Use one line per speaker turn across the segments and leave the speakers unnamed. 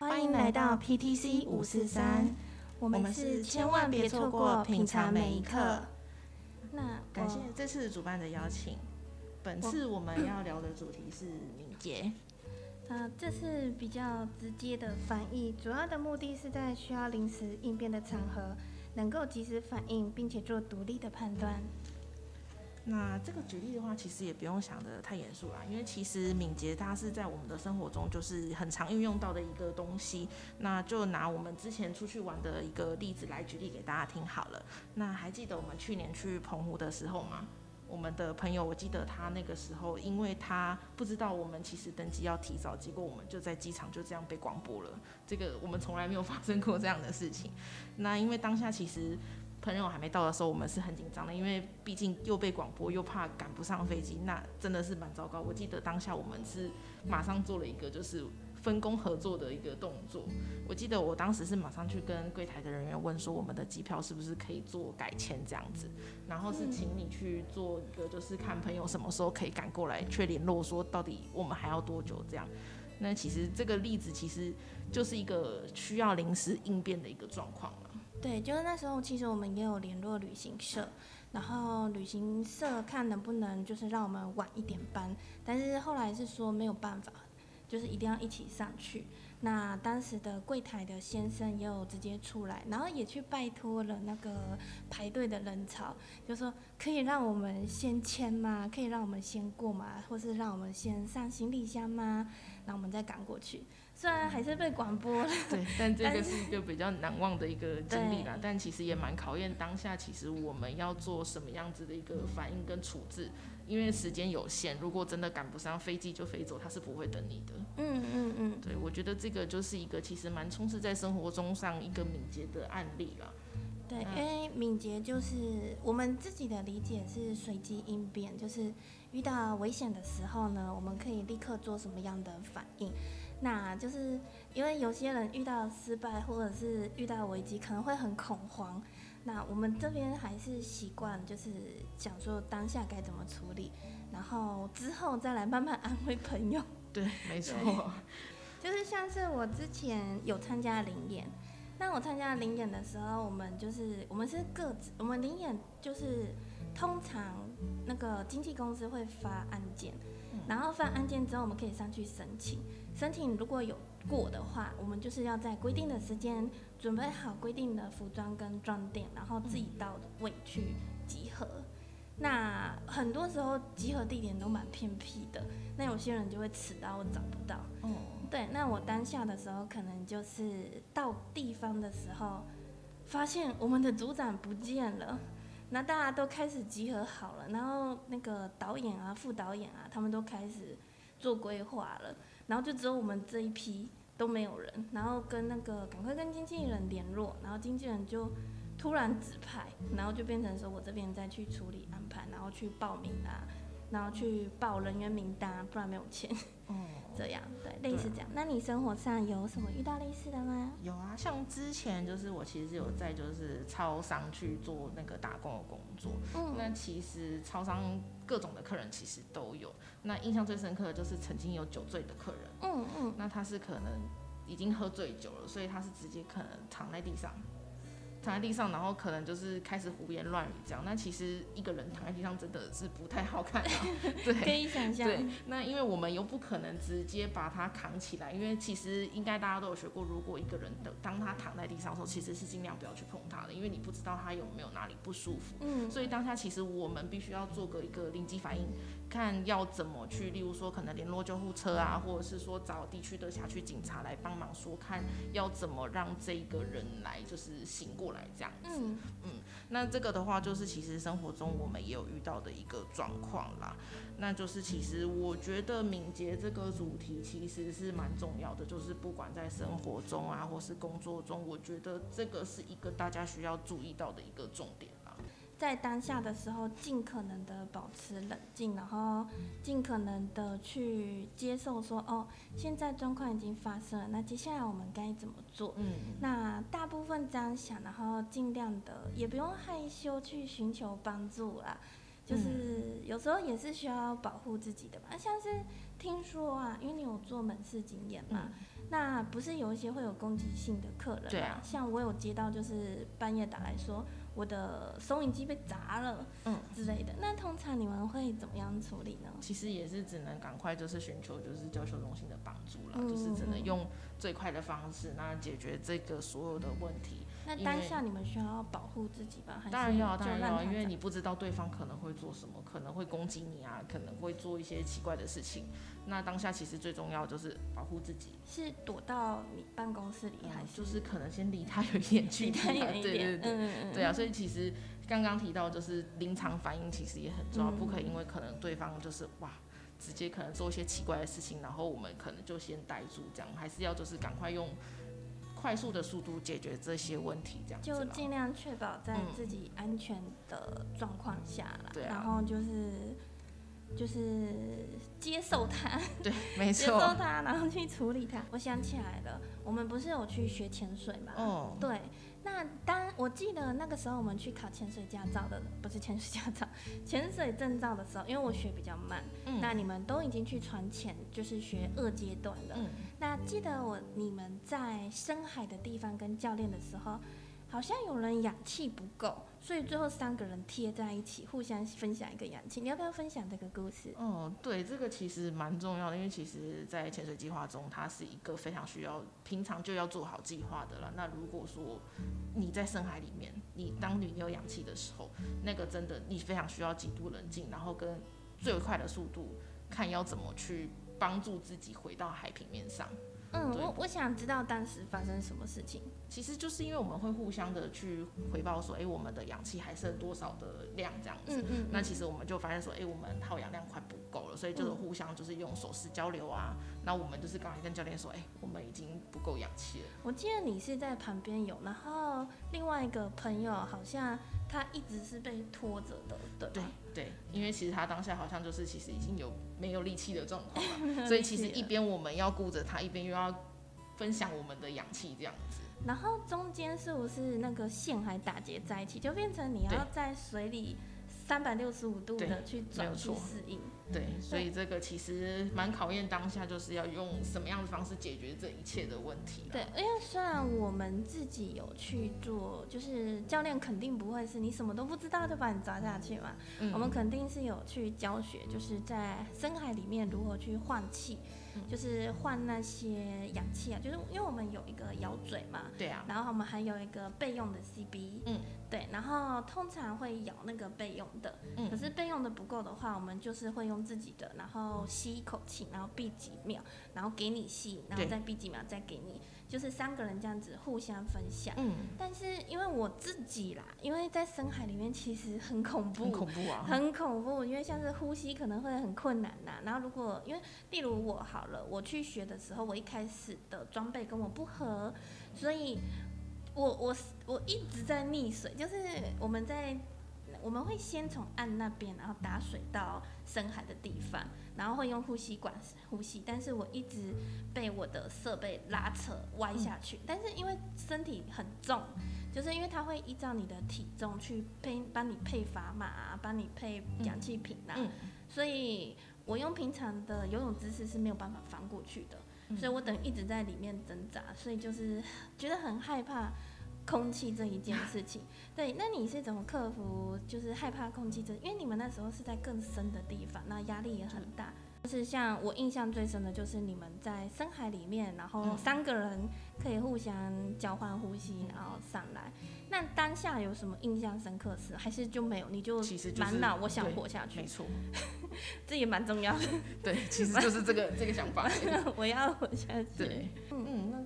歡迎來到 PTC 五四三，我們是千萬別錯過品嘗每一刻。
那我感謝這次主辦的邀請。本次我們要聊的主題是敏捷。
啊、呃，這是比較直接的翻譯，主要的目的是在需要臨時應變的場合，能夠及時反應並且做獨立的判斷。嗯。
那這個舉例的話，其實也不用想得太嚴肅啦，因為其實敏捷它是在我們的生活中就是很常運用到的一個東西。那就拿我們之前出去玩的一個例子來舉例給大家聽好了。那還記得我們去年去澎湖的時候嗎？我們的朋友，我記得他那個時候，因為他不知道我們其實登機要提早，結果我們就在機場就這樣被廣播了。這個我們從來沒有發生過這樣的事情。那因為當下其實。朋友還沒到的時候，我們是很緊張的，因為畢竟又被廣播，又怕趕不上飛機，那真的是蠻糟糕。我記得當下我們是馬上做了一個就是分工合作的一個動作。我記得我當時是馬上去跟櫃檯的人員問說，我們的機票是不是可以做改簽，這樣子。然後是請你去做一個就是看朋友什麼時候可以趕過來，去聯絡說到底我們還要多久這樣。那其實這個例子其實就是一個需要臨時應變的一個狀況了。
對，就是那時候，其實我們也有聯絡旅行社，然後旅行社看能不能就是讓我們晚一點搬，但是後來是說沒有辦法，就是一定要一起上去。那當時的櫃檯的先生也有直接出來，然後也去拜託了那個排隊的人潮，就說可以讓我們先簽嗎？可以讓我們先過嗎？或是讓我們先上行李箱嗎？然後我們再趕過去。雖然還是被廣播了，對，但這個是一個
比較難忘的一個經歷啦。但，但其實也蠻考驗當下，其實我們要做什麼樣子的一個反應跟處置，因為時間有限，如果真的趕不上飛機就飛走，他是不會等你的。嗯嗯嗯。嗯
嗯對，
我覺得這個就是一個其實蠻充斥在生活中上一個敏捷的案例啦。
對，那因為敏捷就是我們自己的理解是隨機應變，就是遇到危險的時候呢，我們可以立刻做什麼樣的反應。那就是因為有些人遇到失敗或者是遇到危機，可能會很恐慌。那我們這邊還是習慣就是講說當下該怎麼處理，然後之後再來慢慢安慰朋友。對，
對，沒錯哦。
就是像是我之前有參加臨演，那我參加臨演的時候，我們就是我們是各自，我們臨演就是通常那個經紀公司會發案件。然後放案件之後，我們可以上去申請。申請如果有過的話，我們就是要在規定的時間準備好規定的服裝跟裝店，然後自己到位去集合。那很多時候集合地點都蠻偏僻的，那有些人就會遲到或找不到。對，那我當下的時候，可能就是到地方的時候，發現我們的組長不見了。那大家都開始集合好了，然後那個導演啊、副導演啊，他們都開始做規劃了，然後就只有我們這一批都沒有人，然後跟那個趕快跟經紀人聯絡，然後經紀人就突然指派，然後就變成說我這邊再去處理安排，然後去報名啊，然後去報人員名單啊，不然沒有錢。嗯這樣，對，對。類似這樣。那你生活上有什麼遇到類似的嗎？
有啊，像之前就是我其實有在就是超商去做那個打工的工作。嗯。那其實超商各種的客人其實都有。那印象最深刻的就是曾經有酒醉的客人。嗯嗯。嗯，那他是可能已經喝醉酒了，所以他是直接可能躺在地上。躺在地上，然後可能就是開始胡言亂語這樣。那其實一個人躺在地上真的是不太好看啊，對。 可以想象。對。那因為我們又不可能直接把它扛起來，因為其實應該大家都有學過，如果一個人的當他躺在地上的時候，其實是盡量不要去碰他的，因為你不知道他有沒有哪裡不舒服。嗯。所以當下其實我們必須要做個一個靈機反應。看要怎麼去，例如說可能聯絡救護車啊，或者是說找地區的轄區警察來幫忙，說看要怎麼讓這個人來就是醒過來這樣子。嗯，嗯，那這個的話就是其實生活中我們也有遇到的一個狀況啦。那就是其實我覺得敏捷這個主題其實是蠻重要的，就是不管在生活中啊或是工作中，我覺得這個是一個大家需要注意到的一個重點。
在當下的時候，盡可能的保持冷靜，然後盡可能的去接受說，哦，現在狀況已經發生了，那接下來我們該怎麼做？嗯，那大部分這樣想，然後盡量的也不用害羞去尋求幫助啦，就是有時候也是需要保護自己的吧？像是聽說啊，因為你有做門市經驗嘛，嗯、那不是有一些會有攻擊性的客人嘛？對啊、像我有接到就是半夜打來說。我的收音機被砸了，嗯，之類的，嗯、那通常你們會怎麼樣處理呢？
其實也是只能趕快就是尋求就是叫修中心的幫助了，嗯、就是只能用最快的方式那解決這個所有的問題。嗯那當下你
們需要保護自己吧？還是，當然要，當然要，因為
你不知道對方可能會做什麼，可能會攻擊你啊，可能會做一些奇怪的事情。那當下其實最重要就是保護自己，是躲到你辦公室裡，還是、嗯、就是可能先離他有、啊、一點距離？對對對，嗯嗯嗯對啊。所以其實剛剛提到就是臨場反應，其實也很重要，嗯嗯不可以因為可能對方就是哇，直接可能做一些奇怪的事情，然後我們可能就先呆住這樣，還是要就是趕快用。快速的速度解決這些問題，這樣就盡
量確保在自己安全的狀況下啦。然後就是就是接受它，對，接受它，然後去處理它。我想起來了，我們不是有去學潛水嘛？對。那當我記得那個時候我們去考潛水駕照的，不是潛水駕照，潛水證照的時候，因為我學比較慢，嗯、那你們都已經去船潛，就是學二階段了。嗯、那記得我你們在深海的地方跟教練的時候。好像有人氧氣不夠，所以最後三個人貼在一起，互相分享一個氧氣。你要不要分享這個故事？哦、
嗯，對，這個其實蠻重要的，因為其實，在潛水計劃中，它是一個非常需要平常就要做好計劃的啦。那如果說你在深海裡面，你當你沒有氧氣的時候，那個真的你非常需要極度冷靜，然後跟最快的速度看要怎麼去幫助自己回到海平面上。嗯，對吧？我我想知道當時發生什麼事情。其實就是因為我們會互相的去回報說，誒、欸、我們的氧氣還剩多少的量這樣子。嗯嗯嗯、那其實我們就發現說，誒、欸、我們耗氧量快不夠了，所以就是互相就是用手勢交流啊。嗯那我們就是剛才跟教練說，哎、欸，我們已經不夠氧氣了。
我記得你是在旁邊有，然後另外一個朋友好像他一直是被拖着的，
對對對，因為其實他當下好像就是其實已經有沒有力氣的狀況了，
所以其實一
邊我們要顧着他，一邊又要分享我們的氧氣這樣子。
然後中間是不是那個線還打結在一起，就變成你要在水裡？三百六十五度的去轉去適應。
對，對，對所以這個其實蠻考驗當下，就是要用什麼樣的方式解決這一切的問題。
對，因為雖然我們自己有去做，嗯、就是教練肯定不會是你什麼都不知道就把你抓下去嘛，嗯、我們肯定是有去教學，就是在深海裡面如何去換氣，嗯、就是換那些氧氣啊，就是因為我們有一個咬嘴嘛，嗯、對啊，然後我們還有一個備用的 CB，嗯，對，然後通常會咬那個備用。的，嗯、可是備用的不夠的話，我們就是會用自己的，然後吸一口氣，然後閉幾秒，然後給你吸，然後再閉幾秒對再給你，就是三個人這樣子互相分享。嗯，但是因為我自己啦，因為在深海裡面其實很恐怖，很恐怖，啊、很恐怖，因為像是呼吸可能會很困難啦，啊，然後如果因為，例如我好了，我去學的時候，我一開始的裝備跟我不合，所以我我我一直在溺水，就是我們在。我們會先從岸那邊，然後打水到深海的地方，然後會用呼吸管呼吸。但是我一直被我的設備拉扯歪下去，但是因為身體很重，就是因為它會依照你的體重去配，幫你配砝碼啊，幫你配氧氣瓶啊，所以我用平常的游泳姿勢是沒有辦法翻過去的，所以我等於一直在裡面掙扎，所以就是覺得很害怕。空氣這一件事情，對，那你是怎麼克服？就是害怕空氣，這因為你們那時候是在更深的地方，那壓力也很大。就是像我印象最深的就是你們在深海裡面，然後三個人可以互相交換呼吸，然後上來。嗯、那當下有什麼印象深刻事？還是就沒有？你就其實滿腦我想活下去，就是、沒錯，這也蠻重要的。對，其實就是這個滿這個想法。
我要活下去。對，嗯嗯那。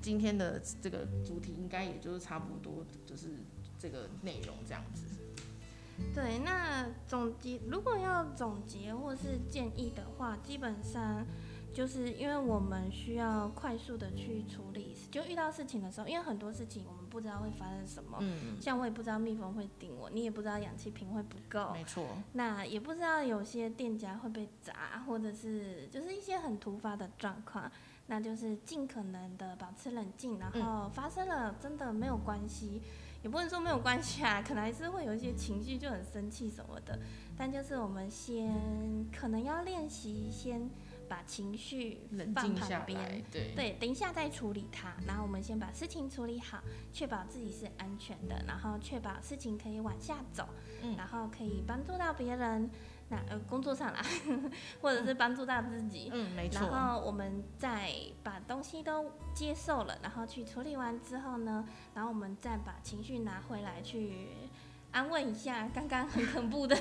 今天的這個主題應該也就是差不多，就是這個內容這樣子。
對，那總結，如果要總結或是建議的話，基本上就是因為我們需要快速的去處理，就遇到事情的時候，因為很多事情我們不知道會發生什麼，嗯，像我也不知道蜜蜂會叮我，你也不知道氧氣瓶會不夠，沒錯，那也不知道有些店家會被砸，或者是就是一些很突發的狀況。那就是盡可能的保持冷靜，然後發生了真的沒有關係，嗯，也不能說沒有關係啊，可能還是會有一些情緒就很生氣什麼的。但就是我們先可能要練習，先把情緒放旁邊冷靜下來，對，對，等一下再處理它。然後我們先把事情處理好，確保自己是安全的，然後確保事情可以往下走，然後可以幫助到別人。那呃，工作上啦，或者是幫助到自己。嗯，嗯，沒錯。然後我們再把東西都接受了，然後去處理完之後呢，然後我們再把情緒拿回來去安慰一下剛剛很恐怖的、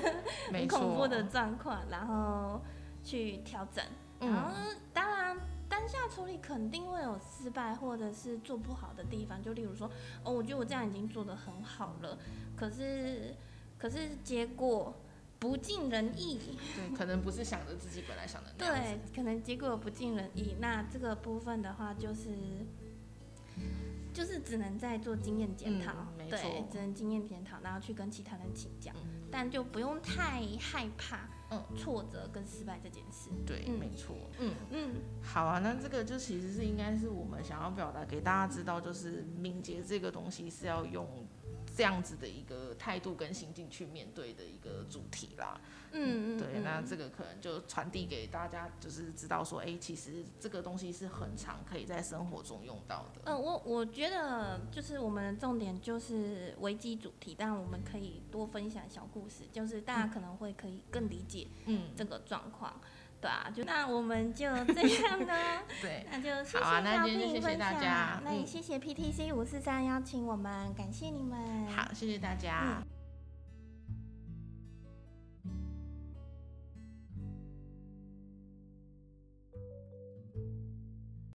沒錯。呵呵很恐怖的狀況，然後去調整。嗯、然後當然，當下處理肯定會有失敗或者是做不好的地方，就例如說，哦，我覺得我這樣已經做得很好了，可是可是結果。不盡人意，對，
可能不是想着自己本來想
的那樣。 對，可能結果不盡人意，那這個部分的話就是，就是只能在做經驗檢討，嗯、沒錯，對，只能經驗檢討，然後去跟其他人請教，嗯、但就不用太害怕，嗯，挫折跟失敗這件事。
嗯、對，沒錯。嗯嗯，好啊，那這個就其實是應該是我們想要表達給大家知道，就是敏捷這個東西是要用這樣子的一個態度跟心境去面對的一個主題啦，
嗯嗯，嗯，嗯，對，那這個
可能就傳遞給大家，就是知道說，哎、欸，其實這個東西是很常可以在生活中用到的。嗯、
呃，我我覺得就是我們的重點就是危機主題，當然我們可以多分享小故事，就是大家可能會可以更理解嗯這個狀況。對啊，就那我們就這樣呢。 對，那就謝謝嘉賓、啊，謝謝分享、嗯、那也謝謝 PTC 五四三邀請我們，感謝你
們。好，謝謝大家。嗯